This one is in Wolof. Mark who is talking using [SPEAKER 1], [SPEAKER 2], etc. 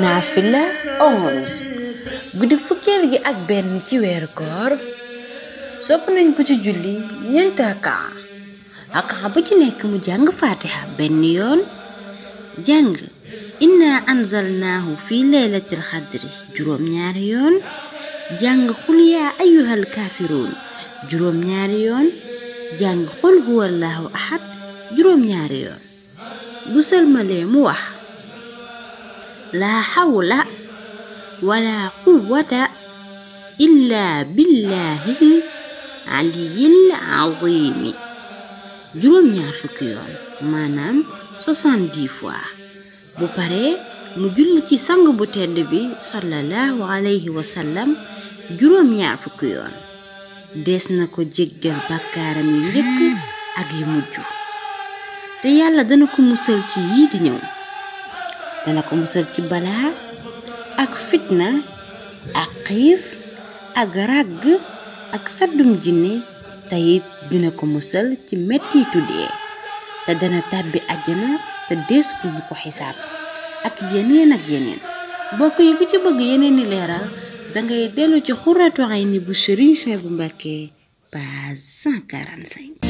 [SPEAKER 1] naafila onze
[SPEAKER 2] guddi fukkeel gi ak benn ci weeru koor sopp nañ ko ci julli ñeenti rakaa
[SPEAKER 1] rakaa ci nekk mu jàng faatiha benn yoon jàng inna anzalnaahu fi laylatil xadri juróom ñaari yoon jàng xul yaa ayyuhal kaafiruun juróom ñaari yoon bu salmalee mu wax لا حول ولا قوة إلا بالله العلي العظيم juróom ñaar fukki yoon maanaam fois bu pare mu julli ci sang bu tedd bi sallallahu alayhi wa juróom ñaar fukki yoon des na ko jéggal bàkkaaram yu njëkk ak yu mujj te yàlla dana ko musal ci yii di ñëw dana ko musal ci balaa ak fitna ak xiif ak ràgg ak saddum jinne te it dina ko musal ci mettitu dee te dana tàbbi àjjana te deesul bu ko xisaab ak yeneen ak yeneen mbokk yi ku ci bëgg yeneen i leeral dangay
[SPEAKER 2] dellu ci xurratu ayni bu Serigne Souhaibou Mbacké page 145